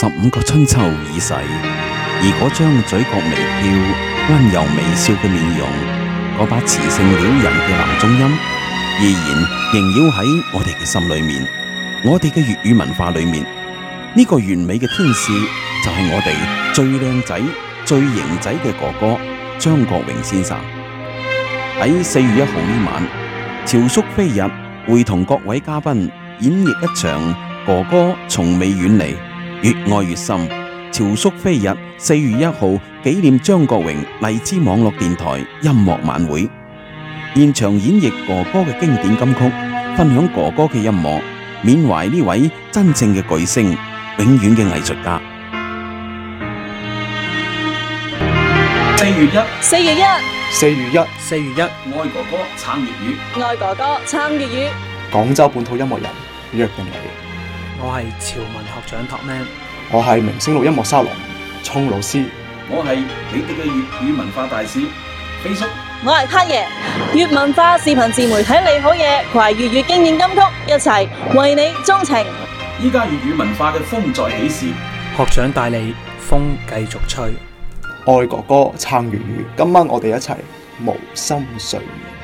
十五個春秋已逝，而嗰張嘴角微笑、溫柔微笑嘅面容，嗰把磁性撩人嘅男中音，依然縈繞喺我哋嘅心裏面。我哋嘅粵語文化裏面，呢、這個完美嘅天使就係、是、我哋最靚仔、最型仔嘅哥哥張國榮先生。喺四月一號呢晚，潮叔飛逸會同各位嘉賓演繹一場《哥哥從未遠離》。粵愛粵深。潮叔飛逸四月一號紀念張國榮荔枝網絡電台音樂晚會，現場演繹哥哥嘅經典金曲，分享哥哥嘅音樂，緬懷呢位真正嘅巨星，永遠嘅藝術家。四月一，四月一，四月一，四月一，愛哥哥與與，撐粵語，愛哥哥，撐粵語。廣州本土音樂人約定你。我係潮文學長托 man，我係明星錄音樂沙龍聰老師，我係你哋嘅粵語文化大使飛叔，我係卡爺，粵文化視頻自媒體你好嘢，懷粵語經典金曲，一齊為你鍾情。依家粵語文化嘅風再起時，學長帶你風繼續吹，愛哥哥，撐粵語，今晚我哋一齊無心睡眠。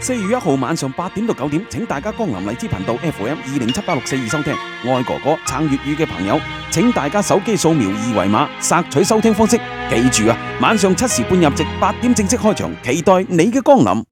四月一號晚上八點到九點，請大家光臨荔枝頻道 FM 二零七八六四二收聽。愛哥哥撐粵語嘅朋友，請大家手機掃描二維碼，索取收聽方式。記住啊，晚上七時半入席，八點正式開場，期待你嘅光臨。